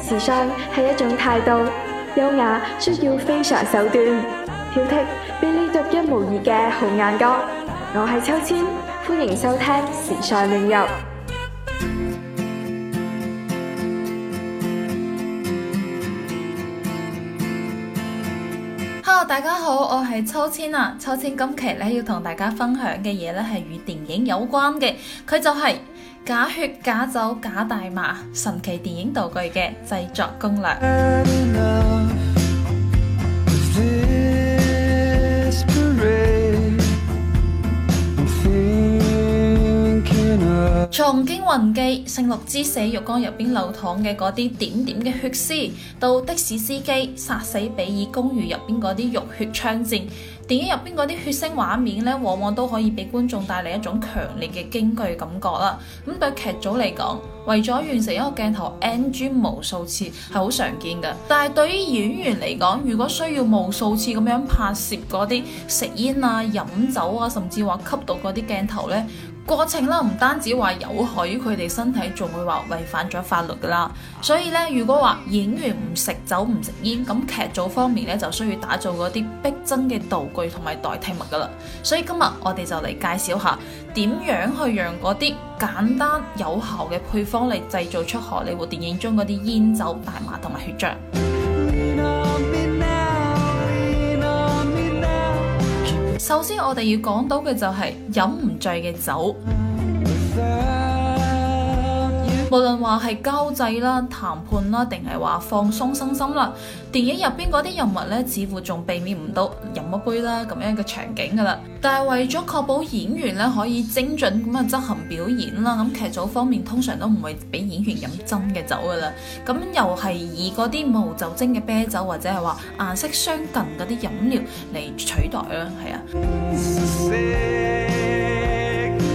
時尚係一種態度，優雅需要非常手段，挑剔俾你獨一無二嘅好眼光。我係秋千，歡迎收聽時尚亂入。大家好，我係秋千啊，秋千今期咧要同大家分享嘅嘢咧係與電影有關嘅，佢就係假血、假酒、假大麻，神奇電影道具嘅製作攻略。從《驚魂記》聖鹿之死，浴缸入邊流淌嘅嗰啲點點嘅血絲，到的士司機殺死比爾公寓入邊嗰啲浴血槍戰，電影入邊嗰啲血腥畫面呢，往往都可以俾觀眾帶嚟一種強烈嘅驚懼感覺啦。咁、嗯、對劇組嚟講，為咗完成一個鏡頭，NG 無數次係好常見嘅。但係對於演員嚟講，如果需要無數次咁樣拍攝嗰啲食煙啊、飲酒啊，甚至話吸毒嗰啲鏡頭呢，過程啦唔單止話有害於佢哋身體，仲會話違反咗法律噶啦。所以呢，如果話演員唔食酒唔食煙，咁劇組方面呢就需要打造嗰啲逼真嘅道具同埋代替物噶啦。所以今日我哋就嚟介紹下點樣去讓嗰啲。簡單有效嘅配方嚟製造出荷里活電影中嗰啲煙酒、大麻同埋血漿。Now, 首先，我哋要講到嘅就係飲唔醉嘅酒。無論話係交際啦、談判啦，定係話放鬆身心啦，電影入邊嗰啲人物咧，似乎仲避免唔到飲一杯啦咁樣嘅一個場景噶啦。但係為咗確保演員咧可以精準咁樣執行表演啦，咁劇組方面通常都唔會俾演員飲真嘅酒噶啦。咁又係以嗰啲無酒精嘅啤酒或者係話顏色相近嗰啲飲料嚟取代啦。係啊，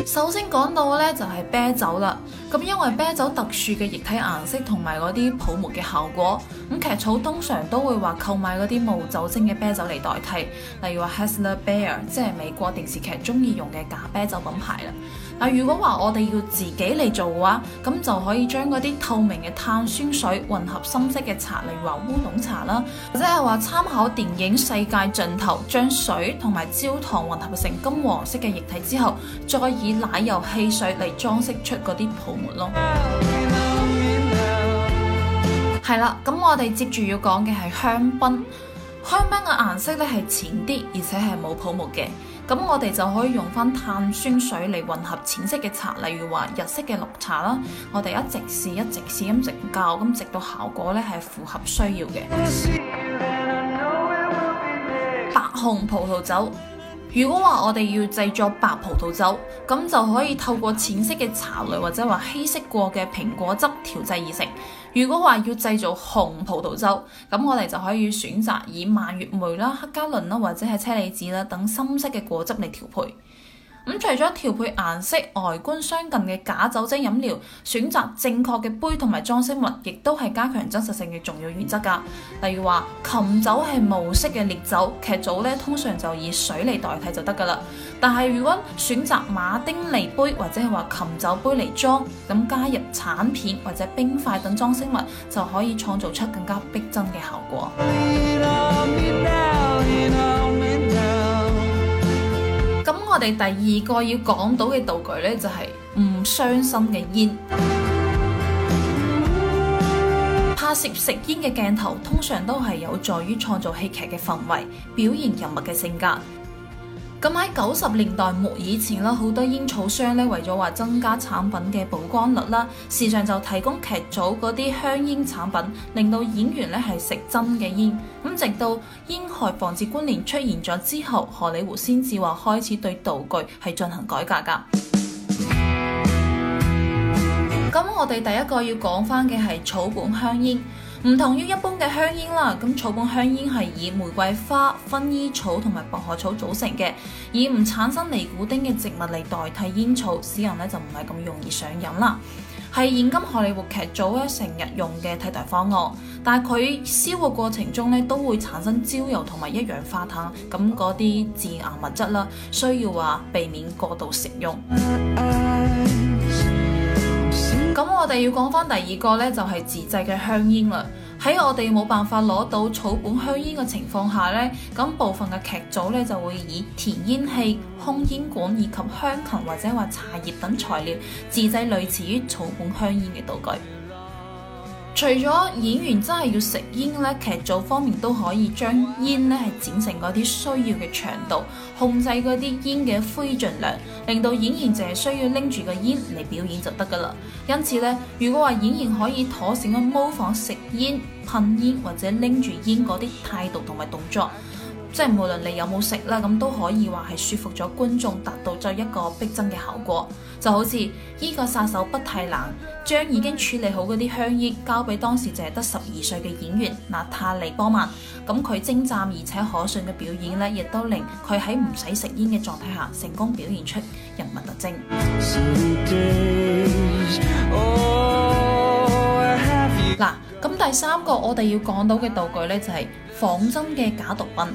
首先講到咧就係啤酒啦。咁因為啤酒特殊嘅液體顏色同埋嗰啲泡沫嘅效果，咁劇草通常都會話購買嗰啲無酒精嘅啤酒嚟代替，例如話 h a s l e r b e a r 即係美國電視劇中意用嘅假啤酒品牌啦。嗱，如果話我哋要自己嚟做嘅話，咁就可以將嗰啲透明嘅碳酸水混合深色嘅茶，例如話烏龍茶啦，或者係話參考電影《世界盡頭，將水同埋焦糖混合成金黃色嘅液體之後，再以奶油汽水嚟裝飾出嗰啲係啦，咁我哋接住要講嘅係香檳。香檳嘅顏色咧係淺啲，而且係冇泡沫嘅。咁我哋就可以用翻碳酸水嚟混合淺色嘅茶，例如話日式嘅綠茶啦。我哋一直試一直試咁，直調，咁直到效果咧係符合需要嘅。 白、紅葡萄酒。如果話我哋要製作白葡萄酒，咁就可以透過淺色嘅茶類或者話稀釋過嘅蘋果汁調製而成。如果話要製造紅葡萄酒，咁我哋就可以選擇以蔓越莓啦、黑加侖啦或者係車厘子啦等深色嘅果汁嚟調配。咁除咗調配顏色外觀相近嘅假酒精飲料，選擇正確嘅杯同埋裝飾物，亦都係加強真實性嘅重要原則噶。例如話琴酒係模式無色嘅烈酒，劇組咧通常就以水嚟代替就得噶啦。但係如果選擇馬丁尼杯或者係話琴酒杯嚟裝，咁加入橙片或者冰塊等裝飾物，就可以創造出更加逼真嘅效果。我哋第二個要講到嘅道具咧，就係唔傷身嘅煙。拍攝食煙嘅鏡頭，通常都係有助於創造戲劇嘅氛圍，表現人物嘅性格。咁喺九十年代末以前啦，好多煙草商呢，為咗話增加產品嘅曝光率啦，時常就提供劇組嗰啲香煙產品，令到演員呢係食真嘅煙。咁直到煙害防治觀念出現咗之後，荷里活先至話開始對道具係進行改革噶。咁 我哋第一個要講返嘅係草本香煙。唔同於一般嘅香煙啦，咁草本香煙係以玫瑰花、薰衣草同埋薄荷草組成嘅，以唔產生尼古丁嘅植物嚟代替煙草，使人咧就唔係咁容易上癮啦。係現今荷里活劇組咧成日用嘅替代方案，但係佢燒嘅過程中咧都會產生焦油同埋一氧化碳，咁嗰啲致癌物質啦，需要話避免過度食用。咁我哋要講翻第二個咧，就係自製嘅香煙啦。喺我哋冇辦法攞到草本香煙嘅情況下咧，咁部分嘅劇組咧就會以填煙器、空煙管以及香芹，或者話茶葉等材料，自製類似於草本香煙嘅道具。除咗演員真係要食煙呢，劇組方面都可以將煙呢係剪成嗰啲需要嘅長度，控制嗰啲煙嘅灰燼量，令到演員淨係需要拎住個煙嚟表演就得㗎喇。因此呢，如果話演員可以妥善咁模仿食煙、噴煙或者拎住煙嗰啲態度同埋動作。即係無論你有冇食啦，咁都可以話係說服咗觀眾達到咗一個逼真嘅效果。就好似呢個殺手不太冷，將已經處理好嗰啲香煙交俾當時淨係得十二歲嘅演員娜塔莉波曼，咁佢精湛而且可信嘅表演呢，亦都令佢喺唔使食煙嘅狀態下，成功表現出人物特徵。嗱。哦哦咁第三個我哋要講到嘅道具呢，就係仿真嘅假毒品。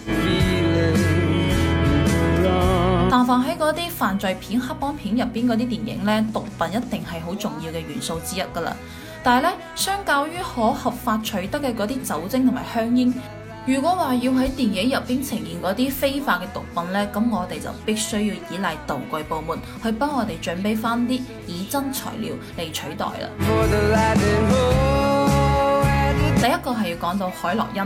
但凡喺嗰啲犯罪片、黑幫片入邊嗰啲電影呢，毒品一定係好重要嘅元素之一噶啦。但係呢，相較於可合法取得嘅嗰啲酒精同埋香煙，如果話要喺電影入邊呈現嗰啲非法嘅毒品呢，咁我哋就必須要依賴道具部門去幫我哋準備返啲以真材料嚟取代啦。 第一個係要講到海洛因，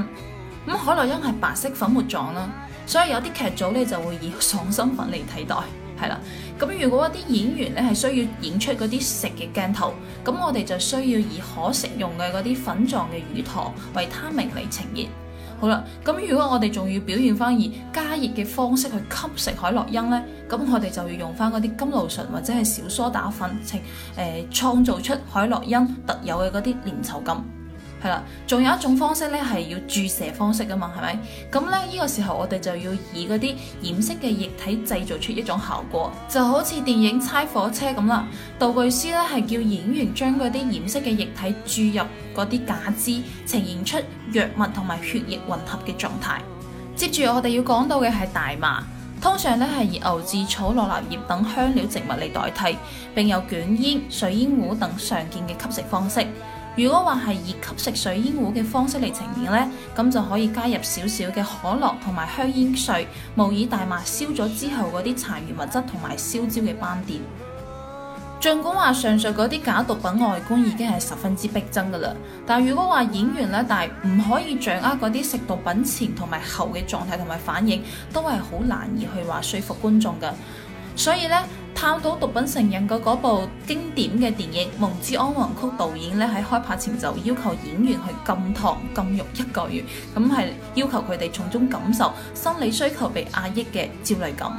咁海洛因係白色粉末狀啦，所以有啲劇組咧就會以爽身粉嚟替代，係啦。咁如果一啲演員咧係需要演出嗰啲食嘅鏡頭，咁我哋就需要以可食用嘅嗰啲粉狀嘅乳糖維他命嚟呈現。好啦，咁如果我哋仲要表現翻以加熱嘅方式去吸食海洛因咧，咁我哋就要用翻嗰啲甘露醇或者係小梳打粉，誒、呃、創造出海洛因特有嘅嗰啲粘稠感。係啦，仲有一種方式咧，係要注射方式噶嘛，係咪？咁咧，呢個時候我哋就要以嗰啲染色嘅液體製造出一種效果，就好似電影猜火車咁啦。道具師咧係叫演員將嗰啲染色嘅液體注入嗰啲假肢，呈現出藥物同埋血液混合嘅狀態。接住我哋要講到嘅係大麻，通常咧係以牛至草、羅勒葉等香料植物嚟代替，並有捲煙、水煙壺等常見嘅吸食方式。如果話係以吸食水煙壺嘅方式嚟呈現咧，咁就可以加入少少嘅可樂同埋香煙碎，模擬大麻燒咗之後嗰啲殘餘物質同埋燒焦嘅斑點。儘管話上述嗰啲假毒品外觀已經係十分之逼真噶啦，但如果話演員咧，但係唔可以掌握嗰啲食毒品前同埋後嘅狀態同埋反應，都係好難以去話說,說服觀眾噶。所以咧。探討毒品成癮嘅嗰部經典嘅電影《夢之安魂曲》，導演咧喺開拍前就要求演員去禁糖禁肉一個月，咁係要求佢哋從中感受心理需求被壓抑嘅焦慮感。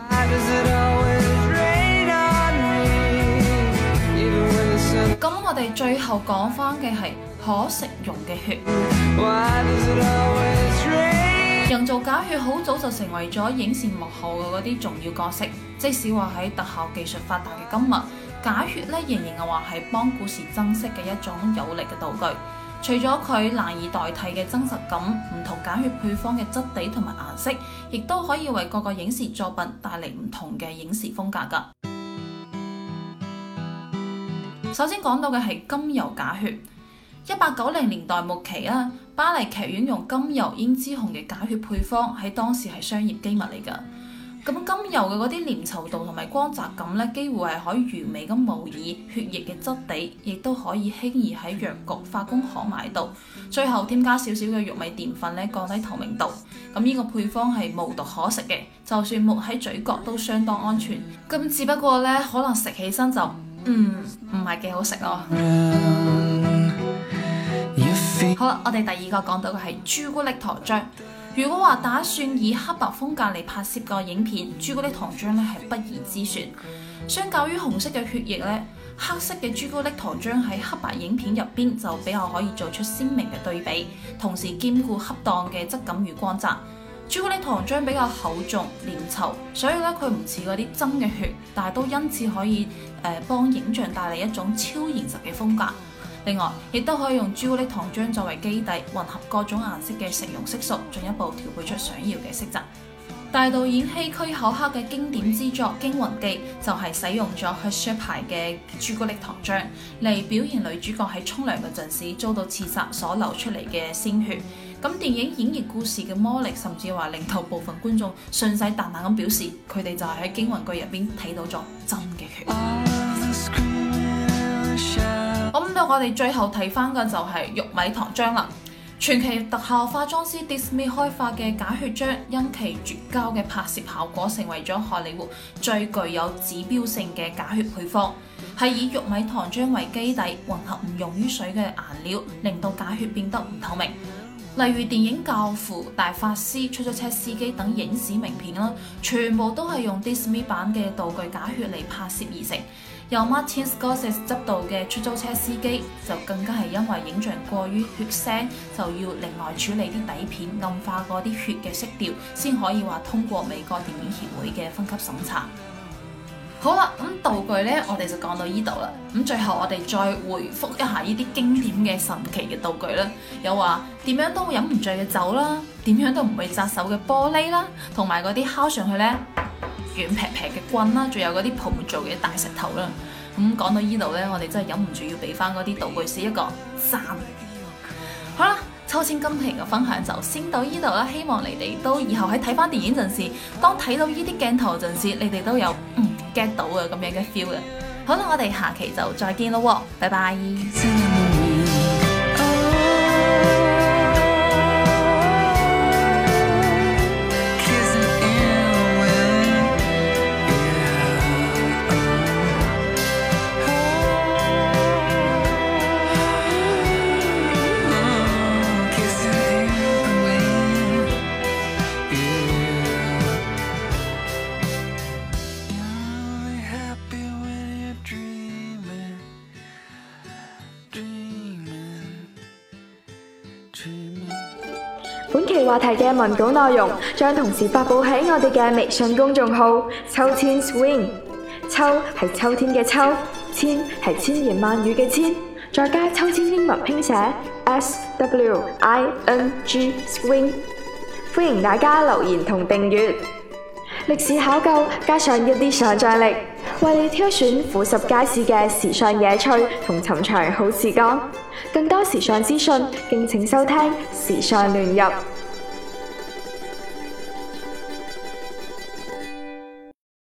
咁我哋最後講翻嘅係可食用嘅血。做假血好早就成為咗影視幕後嘅啲重要角色，即使話喺特效技術發達嘅今日，假血咧仍然係話係幫故事增色嘅一種有力嘅道具。除咗佢難以代替嘅真實感，唔同假血配方嘅質地同埋顏色，亦都可以為各個影視作品帶嚟唔同嘅影視風格噶。首先講到嘅係甘油假血。一八九零年代末期啊，巴黎劇院用甘油胭脂紅嘅假血配方喺當時係商業機密嚟噶。咁甘油嘅嗰啲粘稠度同埋光澤感呢，幾乎係可以完美咁模擬血液嘅質地，亦都可以輕易喺藥局、化工行買到。最後添加少少嘅玉米澱粉呢，降低透明度。咁呢個配方係無毒可食嘅，就算抹喺嘴角都相當安全。咁只不過呢，可能食起身就，嗯，唔係幾好食咯。 好啦，我哋第二個講到嘅係朱古力糖漿。如果話打算以黑白風格嚟拍攝個影片，朱古力糖漿咧係不二之選。相較於紅色嘅血液咧，黑色嘅朱古力糖漿喺黑白影片入邊就比較可以做出鮮明嘅對比，同時兼顧恰當嘅質感與光澤。朱古力糖漿比較厚重黏稠，所以咧佢唔似嗰啲真嘅血，但係都因此可以誒、呃、幫影像帶嚟一種超現實嘅風格。另外，亦都可以用朱古力糖漿作為基底，混合各種顏色嘅食用色素，進一步調配出想要嘅色澤。大導演希區考克嘅經典之作《驚魂記》就係、是、使用咗 Hershey 牌嘅朱古力糖漿嚟表現女主角喺沖涼嗰陣時遭到刺殺所流出嚟嘅鮮血。咁電影演繹故事嘅魔力，甚至話令到部分觀眾信誓旦旦咁表示，佢哋就係喺《驚魂記》入邊睇到咗真嘅血。我、嗯、到我哋最後睇翻嘅就係玉米糖漿啦！傳奇特效化妝師 Dick Smith 開發嘅假血漿，因其絕佳嘅拍攝效果，成為咗荷里活最具有指標性嘅假血配方。係以玉米糖漿為基底，混合唔溶於水嘅顏料，令到假血變得唔透明。例如電影《教父》《大法師》《出租車司機》等影史名片啦，全部都係用 Dick Smith 版嘅道具假血嚟拍攝而成。由 Martin Scorsese 執導嘅《出租車司機》就更加係因為影像過於血腥，就要另外處理啲底片，暗化嗰啲血嘅色調，先可以話通過美國電影協會嘅分級審查。好啦，咁道具呢，我哋就講到呢度啦。咁最後我哋再回复一下呢啲經典嘅神奇嘅道具啦，有話點樣都會飲唔醉嘅酒啦，點樣都唔會扎手嘅玻璃啦，同埋嗰啲敲上去呢軟劈劈嘅棍啦，仲有嗰啲盤做嘅大石頭啦。咁、嗯、講到呢度呢，我哋真係忍唔住要俾翻嗰啲道具師一個讚。好啦，秋千今期嘅分享就先到呢度啦，希望你哋都以後喺睇翻電影陣時，當睇到呢啲鏡頭陣時，你哋都有嗯。驚到呀咁樣嘅 feel 嘅，好啦，我哋下期就再見咯，拜拜。本期話題嘅文稿內容將同時發佈喺我哋嘅微信公眾號“秋千 swing”。秋係秋天嘅秋，千係千言萬語嘅千，再加秋千英文拼寫 S-W-I-N-G swing。歡迎大家留言同訂閱。歷史考究加上一啲想象力。為你挑選俯拾皆是嘅時尚野趣同尋常好時光，更多時尚資訊，敬請收聽《時尚亂入》。